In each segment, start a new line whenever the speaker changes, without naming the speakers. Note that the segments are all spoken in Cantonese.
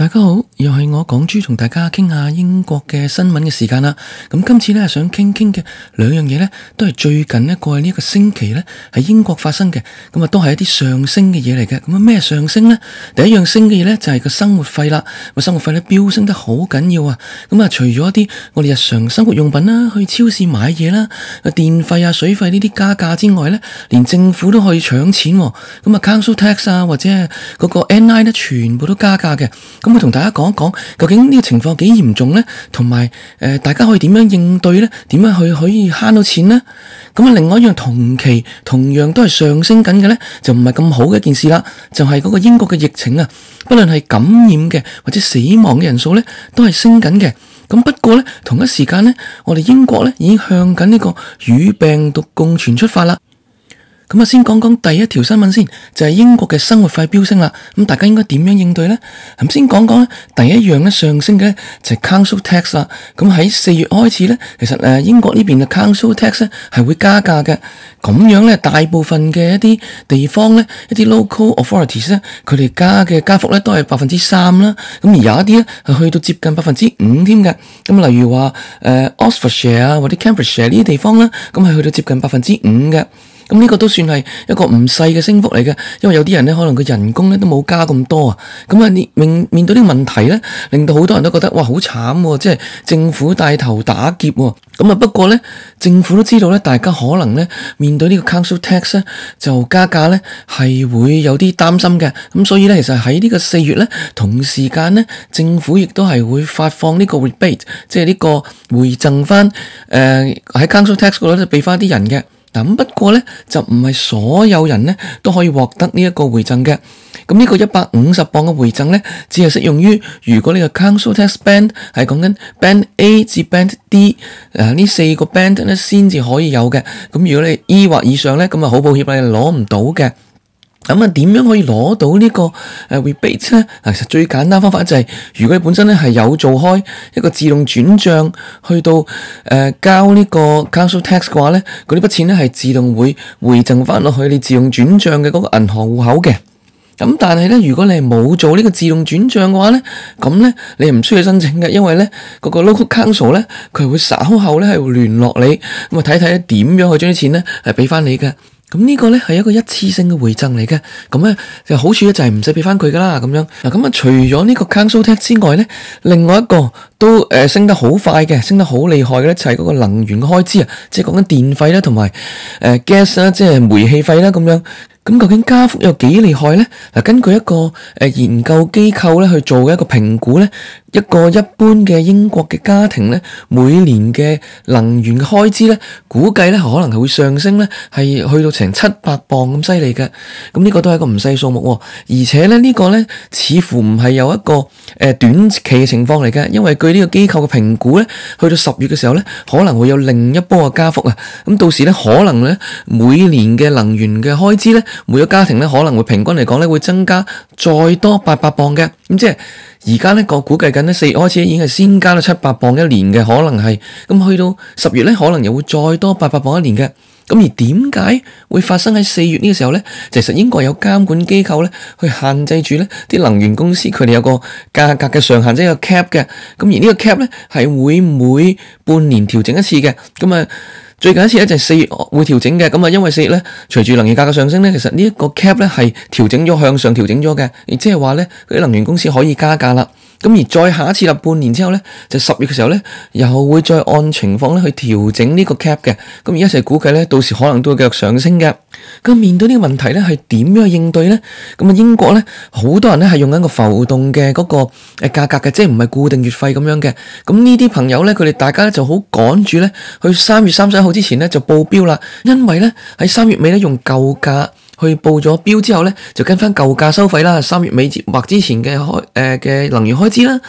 大家好，又係我港豬同大家傾下英國嘅新聞嘅時間啦。咁今次咧想傾傾嘅兩樣嘢咧，都係最近一個呢個星期咧喺英國發生嘅，咁啊都係一啲上升嘅嘢嚟嘅。咁啊咩上升咧？第一樣升嘅嘢咧就係、是、個生活費啦，個生活費咧飆升得好緊要啊。咁、嗯、啊除咗一啲我哋日常生活用品啦，去超市買嘢啦，個電費啊、水費呢啲加價之外咧，連政府都可以搶錢、啊，咁、嗯、啊 Council Tax 啊或者嗰個 NI 咧全部都加價嘅。我會同大家講一講究竟呢個情況幾嚴重呢？同埋誒，大家可以點樣應對呢？點樣去可以慳到錢呢？咁啊，另外一樣同期同樣都係上升緊嘅呢，就唔係咁好嘅一件事啦。就係、是、嗰個英國嘅疫情啊，不論係感染嘅或者死亡嘅人數咧，都係升緊嘅。咁不過咧，同一時間咧，我哋英國咧已經向緊呢個與病毒共存出發啦。咁啊，先講講第一條新聞先，就係、是、英國嘅生活費飆升啦。咁大家應該點樣應對咧？先講講第一樣咧，上升嘅就係 Council Tax 啦。咁喺四月開始咧，其實誒英國呢邊嘅 Council Tax 咧係會加價嘅。咁樣咧，大部分嘅一啲地方咧，一啲 Local Authorities 咧，佢哋加嘅加幅咧都係百分之三啦。咁而有一啲咧係去到接近百分之五添嘅。咁例如話誒 Oxfordshire 啊，呃、Oxford shire，或者 Cambridgeshire 呢啲地方咧，咁係去到接近百分之五嘅。咁呢個都算係一個唔細嘅升幅嚟嘅，因為有啲人咧可能個人工咧都冇加咁多啊，咁啊你面面對啲問題咧，令到好多人都覺得哇好慘喎，即係政府帶頭打劫喎，哦，咁啊不過咧政府都知道咧，大家可能咧面對呢個 Council Tax 咧就加價咧係會有啲擔心嘅，咁所以咧其實喺呢個四月咧同時間咧政府亦都係會發放呢個 rebate，即係呢個回贈翻誒喺、呃、Council Tax 嗰度咧俾翻啲人嘅。不過咧，就唔係所有人咧都可以獲得呢一個回贈嘅。咁、這個、呢個一百五十磅嘅回贈咧，只係適用於如果你嘅 Council Tax band 係講緊 band A 至 band D，啊呢四個 band 咧先至可以有嘅。咁如果你 E 或以上咧，咁啊好抱歉啊，你攞唔到嘅。咁啊，點樣可以攞到呢個誒 rebate 咧？其實最簡單方法就係，如果你本身咧係有做開一個自動轉帳去到誒交呢個 Council Tax 嘅話咧，嗰啲筆錢咧係自動會回贈翻落去你自動轉帳嘅嗰個銀行戶口嘅。咁但係咧，如果你係冇做呢個自動轉帳嘅話咧，咁咧你唔需要申請嘅，因為咧嗰個 Local Council 咧佢會稍後咧係會聯絡你，咁啊，睇睇點樣去將啲錢咧係俾翻你嘅。咁呢個呢係一個一次性嘅回贈嚟嘅，咁呢就好處咧就係唔使俾翻佢噶啦咁樣。嗱咁啊，除咗呢個 Council Tax 之外呢，另外一個都誒升得好快嘅，升得好厲害嘅呢就係嗰個能源嘅開支啊，即係講緊電費啦，同埋誒 gas 啦，即係煤氣費啦咁樣。咁究竟加幅有幾厲害呢？嗱，根據一個誒、呃、研究機構呢去做嘅一個評估呢。一個一般嘅英國嘅家庭咧，每年嘅能源嘅開支咧，估計咧可能係會上升咧，係去到成七百磅咁犀利嘅。咁、這、呢個都係一個唔細數目喎，而且咧呢、這個咧似乎唔係有一個誒、呃、短期嘅情況嚟嘅，因為據呢個機構嘅評估咧，去到十月嘅時候咧，可能會有另一波嘅加幅啊。咁到時咧可能咧每年嘅能源嘅開支咧，每個家庭咧可能會平均嚟講咧會增加再多八百磅嘅。咁即係而家咧，我估計緊呢，四月開始已經係先加到七百磅一年嘅，可能係咁去到十月咧，可能又會再多八百磅一年嘅。咁而點解會發生喺四月呢個時候咧？其實英國有監管機構咧去限制住咧啲能源公司佢哋有個價格嘅上限，即係個 cap 嘅。咁而呢個 cap 咧係會每半年調整一次嘅。咁啊～最近一次咧就四月會調整嘅，咁啊，因為四月咧隨住能源價格上升呢，其實呢一個 cap 呢係調整咗向上調整咗嘅，亦即係話咧嗰啲能源公司可以加價啦。咁而再下一次立半年之後呢，就十月嘅時候呢，又會再按情況呢去調整呢個 cap 嘅。咁而一齊估計呢，到時可能都會繼續上升嘅。咁面對呢個問題呢，係點樣去應對呢？咁啊英國呢，好多人呢係用緊個浮動嘅嗰個誒價格嘅，即係唔係固定月費咁樣嘅。咁呢啲朋友呢，佢哋大家就好趕住呢，去三月三十一號之前呢就報標啦，因為呢，喺三月尾呢，用舊價。去報咗標之後咧，就跟翻舊價收費啦。三月尾或之前嘅開誒嘅能源開支啦。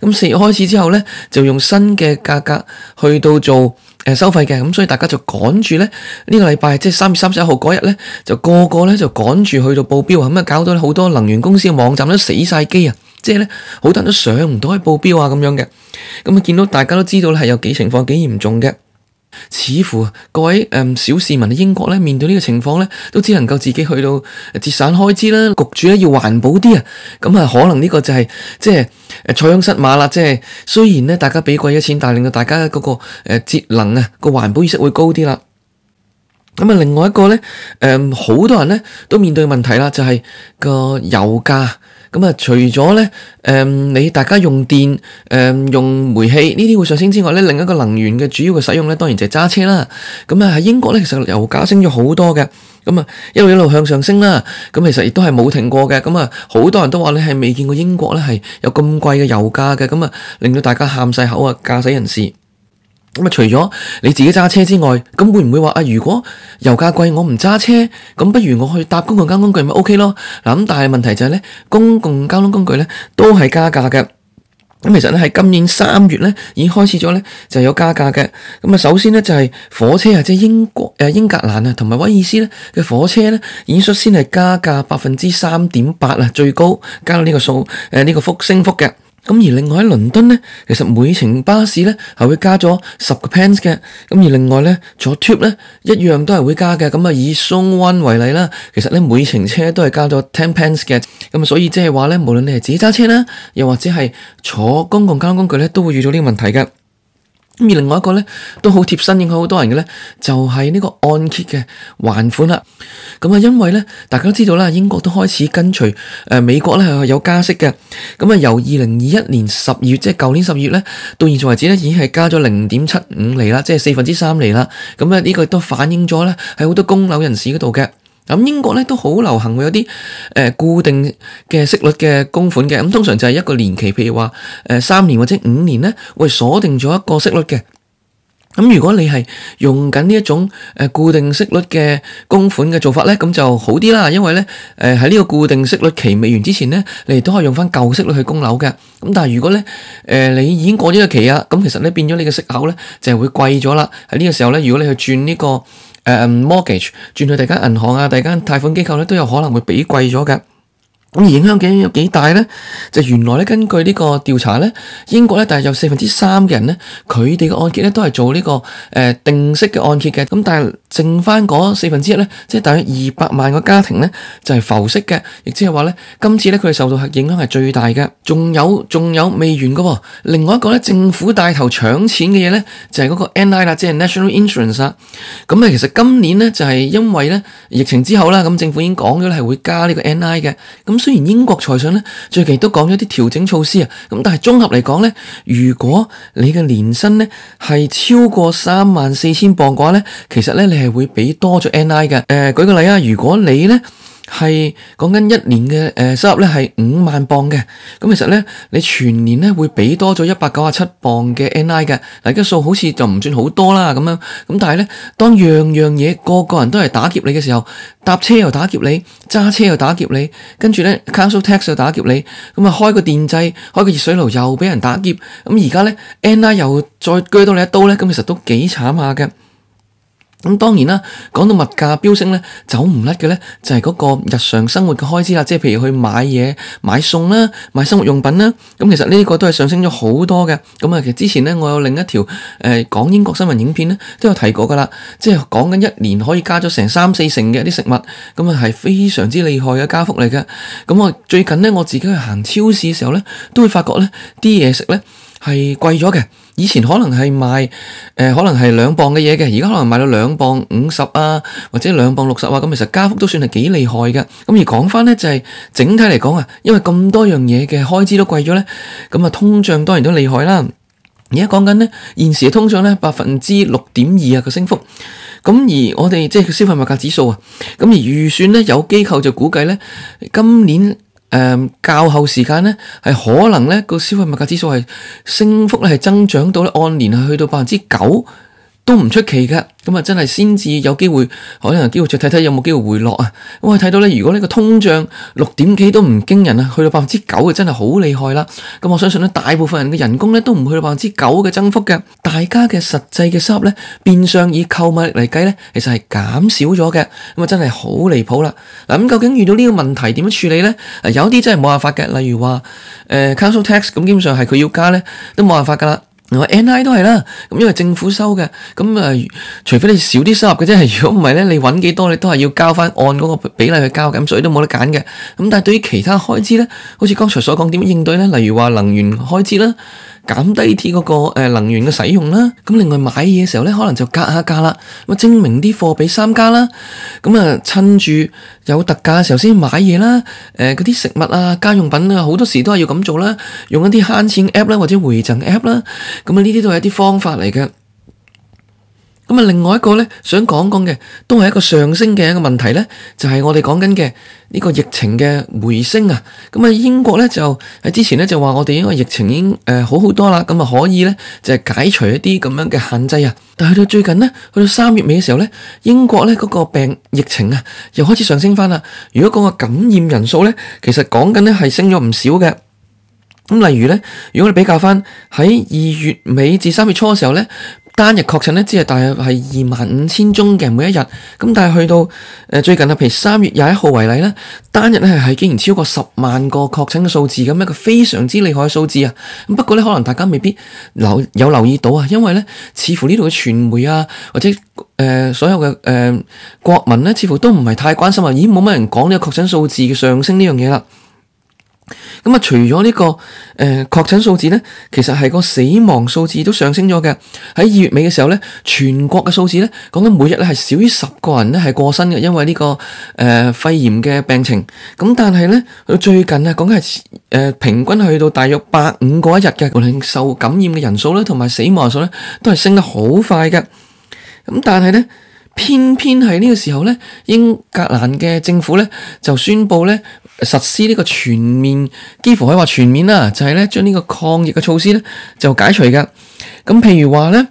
咁四月開始之後咧，就用新嘅價格去到做誒收費嘅。咁所以大家就趕住咧呢個禮拜，即係三月三十一號嗰日咧，就個個咧就趕住去到報標，咁啊搞到好多能源公司嘅網站都死晒機啊！即係咧，好多人都上唔到去報標啊咁樣嘅。咁啊，見到大家都知道咧係有幾情況幾嚴重嘅。似乎各位誒、嗯、小市民喺英國咧，面對呢個情況咧，都只能夠自己去到節省開支啦，焗住咧要環保啲啊。咁、嗯、啊，可能呢個就係、是、即係誒塞翁失馬啦。即係雖然咧大家俾貴咗錢，但係令到大家嗰個誒節能啊個環保意識會高啲啦。咁、嗯、啊，另外一個咧，誒、嗯、好多人咧都面對問題啦，就係、是、個油價。除咗咧，誒、呃、你大家用電、誒、呃、用煤氣呢啲會上升之外咧，另一個能源嘅主要嘅使用咧，當然就係揸車啦。咁、嗯、啊，喺英國咧，其實油價升咗好多嘅，咁、嗯、啊一路一路向上升啦。咁、嗯、其實亦都係冇停過嘅。咁、嗯、啊，好多人都話咧係未見過英國咧係有咁貴嘅油價嘅，咁、嗯、啊令到大家喊曬口啊，駕駛人士。咁啊，除咗你自己揸車之外，咁會唔會話啊，如果油價貴，我唔揸車，咁不如我去搭公共交通工具咪 OK 咯？嗱咁，但係問題就係咧，公共交通工具咧都係加價嘅。咁其實咧，喺今年三月咧，已經開始咗咧就有加價嘅。咁啊，首先咧就係火車啊，即係英國誒英格蘭啊同埋威爾斯咧嘅火車咧，已經率先係加價百分之三點八啊，最高加到呢個數誒呢個幅升幅嘅。咁而另外喺倫敦呢，其實每程巴士呢係會加咗十個 pence 嘅。咁而另外呢，坐 tube 呢一樣都係會加嘅。咁啊，以 zone one 為例啦，其實呢每程車都係加咗 ten pence 嘅。咁啊，所以即係話呢，無論你係自己揸車啦，又或者係坐公共交通工具呢，都會遇到呢個問題嘅。而另外一個呢，都好貼身影響好多人嘅呢，就係、是、呢個按揭嘅還款啦。咁啊，因為呢，大家都知道啦，英國都開始跟隨誒、呃、美國咧有加息嘅。咁啊，由二零二一年十月，即係舊年十月咧，到現在為止咧，已經係加咗零點七五厘啦，即係四分之三厘啦。咁咧，呢個亦都反映咗咧，喺好多供樓人士嗰度嘅。咁英國咧，都好流行會有啲誒、呃、固定嘅息率嘅供款嘅，咁、嗯、通常就係一個年期，譬如話誒、呃、三年或者五年咧，會鎖定咗一個息率嘅。咁、嗯、如果你係用緊呢一種誒、呃、固定息率嘅供款嘅做法咧，咁、嗯、就好啲啦，因為咧誒喺呢、呃、個固定息率期未完之前咧，你都可以用翻舊息率去供樓嘅。咁、嗯、但係如果咧誒、呃、你已經過咗呢個期啊，咁、嗯、其實咧變咗你嘅息口咧就係會貴咗啦。喺呢個時候咧，如果你去轉呢、呢個誒、uh, mortgage 轉去第二間銀行啊，第二間貸款機構咧都有可能會比貴咗㗎。咁而影響究竟有幾大呢？就原來根據呢個調查呢，英國呢大約有四分之三嘅人呢，佢哋嘅按揭呢都係做呢、這個誒、呃、定息嘅按揭嘅。咁但係剩翻嗰四分之一呢，即係大約二百萬個家庭呢，就係浮息嘅，亦即係話呢，今次呢，佢哋受到影響係最大嘅。仲有仲有未完噶喎，另外一個呢，政府帶頭搶錢嘅嘢呢，就係嗰個 NI 啦，即係 National Insurance。咁咧，其實今年呢，就係因為呢疫情之後啦，咁政府已經講咗係會加呢個 NI 嘅。咁雖然英國財相咧最近都講咗啲調整措施啊，咁但係綜合嚟講咧，如果你嘅年薪咧係超過三萬四千磅嘅話咧，其實咧你係會俾多咗 NI 嘅。誒、呃，舉個例啊，如果你咧，係講緊一年嘅、呃、收入咧係五萬磅嘅，咁其實咧你全年呢會俾多咗一百九十七磅嘅 NI 嘅，嗱個數好似就唔算好多啦咁樣，咁但係呢，當樣樣嘢個個人都係打劫你嘅時候，搭車又打劫你，揸車又打劫你，跟住咧 Council Tax 又打劫你，咁啊開個電掣開個熱水爐又俾人打劫，咁而家呢 NI 又再鋸到你一刀呢，咁其實都幾慘下嘅。咁當然啦，講到物價飆升咧，走唔甩嘅咧就係嗰個日常生活嘅開支啦，即係譬如去買嘢、買餸啦、買生活用品啦，咁其實呢個都係上升咗好多嘅。咁啊，其實之前咧我有另一條誒講英國新聞影片咧，都有提過噶啦，即係講緊一年可以加咗成三四成嘅一啲食物，咁啊係非常之厲害嘅加幅嚟嘅。咁我最近咧我自己去行超市嘅時候咧，都會發覺咧啲嘢食咧係貴咗嘅。以前可能係賣誒、呃，可能係兩磅嘅嘢嘅，而家可能賣到兩磅五十啊，或者兩磅六十啊，咁其實加幅都算係幾厲害嘅。咁而講翻咧，就係、是、整體嚟講啊，因為咁多樣嘢嘅開支都貴咗咧，咁啊通脹當然都厲害啦。而家講緊咧，現時嘅通脹咧百分之六點二啊個升幅，咁而我哋即係佢消費物價指數啊，咁而預算咧有機構就估計咧今年。誒，較、嗯、後時間咧，係可能咧個消費物價指數係升幅咧係增長到咧按年係去到百分之九。都唔出奇嘅，咁啊真係先至有機會，可能有機會再睇睇有冇機會回落啊！咁我哋，睇到咧，如果呢個通脹六點幾都唔驚人啊，去到百分之九嘅真係好厲害啦！咁我相信咧，大部分人嘅人工咧都唔去到百分之九嘅增幅嘅，大家嘅實際嘅收入咧變相以購買力嚟計咧，其實係減少咗嘅，咁啊真係好離譜啦！嗱，咁究竟遇到呢個問題點樣處理咧？有啲真係冇辦法嘅，例如話誒、呃、Council Tax，咁基本上係佢要加咧都冇辦法噶啦。NI 都係啦，咁因為政府收嘅，咁啊除非你少啲收入嘅啫，如果唔係咧，你搵幾多你都係要交翻按嗰個比例去交咁，所以都冇得揀嘅。咁但係對於其他開支咧，好似剛才所講，點應對咧？例如話能源開支啦。減低啲嗰個能源嘅使用啦，咁另外買嘢嘅時候咧，可能就格下價啦，咁證明啲貨比三家啦，咁啊趁住有特價嘅時候先買嘢啦，誒嗰啲食物啊、家用品啊，好多時都係要咁做啦，用一啲慳錢 app 啦或者回贈 app 啦，咁啊呢啲都係一啲方法嚟嘅。咁啊，另外一個咧想講講嘅，都係一個上升嘅一個問題咧，就係我哋講緊嘅呢個疫情嘅回升啊。咁啊，英國咧就喺之前咧就話我哋因為疫情已經誒好好多啦，咁啊可以咧就係解除一啲咁樣嘅限制啊。但係到最近咧，去到三月尾嘅時候咧，英國咧嗰個病疫情啊又開始上升翻啦。如果講個感染人數咧，其實講緊咧係升咗唔少嘅。咁例如咧，如果你比較翻喺二月尾至三月初嘅時候咧。單日確診咧，只係大約係二萬五千宗嘅每一日。咁但係去到誒最近，譬如三月廿一號為例咧，單日咧係竟然超過十萬個確診嘅數字咁，一個非常之厲害嘅數字啊！咁不過咧，可能大家未必留有留意到啊，因為咧，似乎呢度嘅傳媒啊，或者誒、呃、所有嘅誒、呃、國民咧，似乎都唔係太關心啊。咦，冇乜人講呢個確診數字嘅上升呢樣嘢啦。咁啊，除咗呢、這個誒、呃、確診數字咧，其實係個死亡數字都上升咗嘅。喺二月尾嘅時候咧，全國嘅數字咧講緊每日咧係少於十個人咧係過身嘅，因為呢、這個誒、呃、肺炎嘅病情。咁但係咧，到最近啊講緊係誒平均去到大約百五個一日嘅受感染嘅人數咧，同埋死亡人數咧都係升得好快嘅。咁但係咧，偏偏係呢個時候咧，英格蘭嘅政府咧就宣布咧。實施呢個全面，幾乎可以話全面啦，就係咧將呢個抗疫嘅措施咧就解除㗎。咁譬如話咧，誒、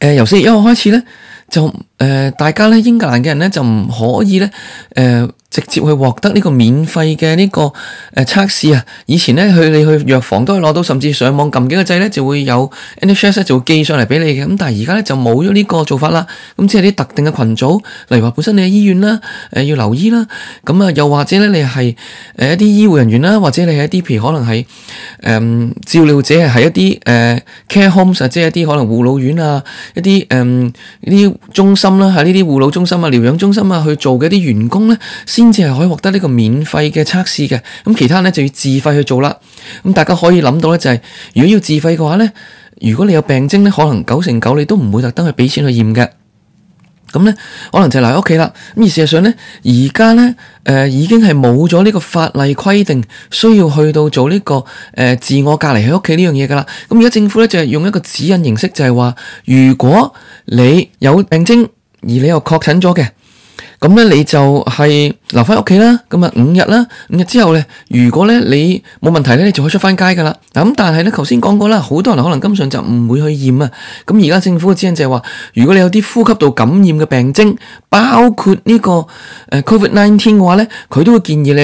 呃、由四月一號開始咧，就誒、呃、大家咧英格蘭嘅人咧就唔可以咧，誒、呃。直接去獲得呢個免費嘅呢、這個誒、呃、測試啊！以前咧去你去，去藥房都可以攞到，甚至上網撳幾個掣咧就會有 NHS 咧就會寄上嚟俾你嘅。咁但係而家咧就冇咗呢個做法啦。咁、嗯、即有即係啲特定嘅群組，例如話本身你喺醫院啦，誒、呃、要留醫啦。咁、呃、啊又或者咧你係誒一啲醫護人員啦，或者你係一啲譬如可能係誒、呃、照料者係一啲誒、呃、care homes 啊，即係一啲可能護老院啊、一啲誒啲中心啦，喺呢啲護老中心啊、療養中心啊去做嘅一啲員工咧，先至係可以獲得呢個免費嘅測試嘅，咁其他咧就要自費去做啦。咁大家可以諗到咧就係、是，如果要自費嘅話咧，如果你有病徵咧，可能九成九你都唔會特登去俾錢去驗嘅。咁咧，可能就留喺屋企啦。咁而事實上咧，而家咧誒已經係冇咗呢個法例規定需要去到做呢、這個誒、呃、自我隔離喺屋企呢樣嘢噶啦。咁而家政府咧就係、是、用一個指引形式就，就係話如果你有病徵而你又確診咗嘅。咁咧你就係留翻屋企啦，咁啊五日啦，五日之後咧，如果咧你冇問題咧，你就可以出翻街噶啦。嗱咁但係咧，頭先講過啦，好多人可能今上就唔會去驗啊。咁而家政府嘅指引就係話，如果你有啲呼吸道感染嘅病徵，包括呢個誒 COVID-19 嘅話咧，佢都會建議你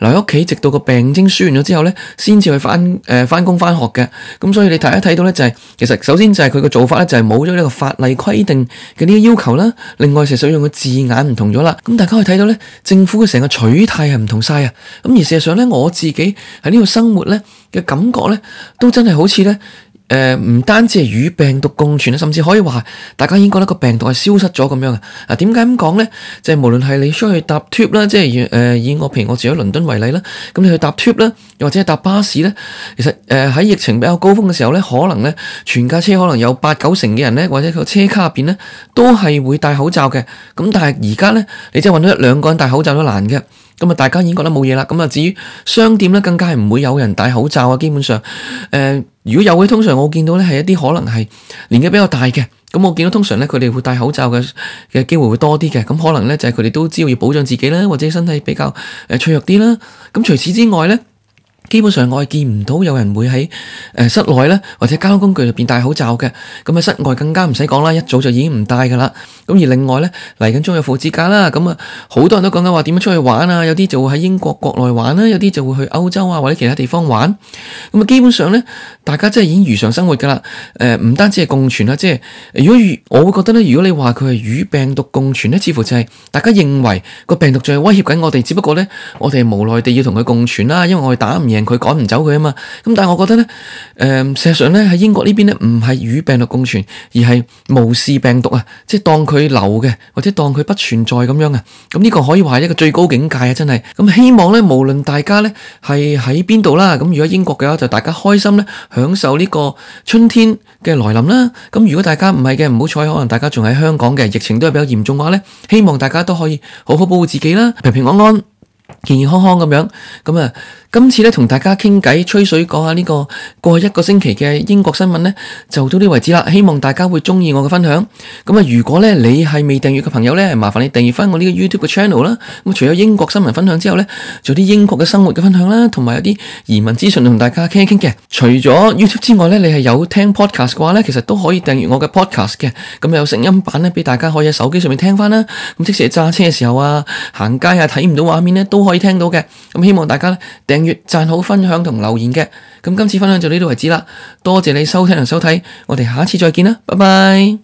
留喺屋企，直到個病徵輸完咗之後咧，先至去翻誒翻工翻學嘅。咁所以你睇一睇到咧，就係其實首先就係佢嘅做法咧，就係冇咗呢個法例規定嘅呢個要求啦。另外是所用嘅字眼唔同咗。好啦，咁大家可以睇到咧，政府嘅成個取態係唔同晒啊！咁而事實上咧，我自己喺呢度生活咧嘅感覺咧，都真係好似咧。誒唔、呃、單止係與病毒共存，甚至可以話大家已經覺得個病毒係消失咗咁樣嘅啊！嗱，點解咁講呢？即、就、係、是、無論係你出去搭 Tube 啦，即係誒以，呃、以我譬如我住喺倫敦為例啦，咁你去搭 Tube 啦，又或者搭巴士呢，其實喺、呃、疫情比較高峰嘅時候呢，可能呢，全架車可能有八九成嘅人呢，或者個車卡入邊呢，都係會戴口罩嘅。咁但係而家呢，你真係揾到一兩個人戴口罩都難嘅。咁大家已經覺得冇嘢啦。咁啊，至於商店呢，更加係唔會有人戴口罩啊。基本上，誒、呃，如果有嘅，通常我見到呢係一啲可能係年紀比較大嘅。咁我見到通常呢，佢哋會戴口罩嘅嘅機會會多啲嘅。咁可能呢，就係佢哋都知道要保障自己啦，或者身體比較誒脆弱啲啦。咁除此之外呢，基本上我係見唔到有人會喺室內呢，或者交通工具入邊戴口罩嘅。咁喺室外更加唔使講啦，一早就已經唔戴噶啦。咁而另外呢，嚟緊將要父子假仲有復活節假啦。咁啊，好多人都講緊話點樣出去玩啊？有啲就會喺英國國內玩啦，有啲就會去歐洲啊或者其他地方玩。咁啊，基本上呢，大家真係已經如常生活噶啦。誒，唔單止係共存啦，即係如果我會覺得呢，如果你話佢係與病毒共存呢，似乎就係大家認為個病毒仲係威脅緊我哋，只不過呢，我哋無奈地要同佢共存啦，因為我哋打唔贏。佢趕唔走佢啊嘛，咁但係我覺得呢，誒、嗯，事實上呢，喺英國呢邊呢，唔係與病毒共存，而係無視病毒啊，即係當佢流嘅，或者當佢不存在咁樣啊。咁、這、呢個可以話係一個最高境界啊，真係。咁、嗯、希望呢，無論大家呢係喺邊度啦，咁、嗯、如果英國嘅話，就大家開心呢享受呢個春天嘅來臨啦。咁、嗯、如果大家唔係嘅，唔好彩，可能大家仲喺香港嘅，疫情都係比較嚴重嘅話呢，希望大家都可以好好保護自己啦，平平安安，安、健健康康咁樣咁、嗯、啊。今次咧，同大家傾偈吹水，啊，講下呢個過去一個星期嘅英國新聞呢，就到呢為止啦。希望大家會中意我嘅分享。咁啊，如果呢你係未訂閱嘅朋友呢，麻煩你訂閱翻我呢個 YouTube 嘅 channel 啦。咁除咗英國新聞分享之後呢，做啲英國嘅生活嘅分享啦，同埋有啲移民資訊同大家傾一傾嘅。除咗 YouTube 之外呢，你係有聽 podcast 嘅話呢，其實都可以訂閱我嘅 podcast 嘅。咁有聲音版呢，俾大家可以喺手機上面聽翻啦。咁即使揸車嘅時候啊，行街啊，睇唔到畫面呢，都可以聽到嘅。咁希望大家咧，訂月訂閱讚好分享同留言嘅，咁今次分享就到呢度為止啦。多謝你收聽同收睇，我哋下次再見啦，拜拜。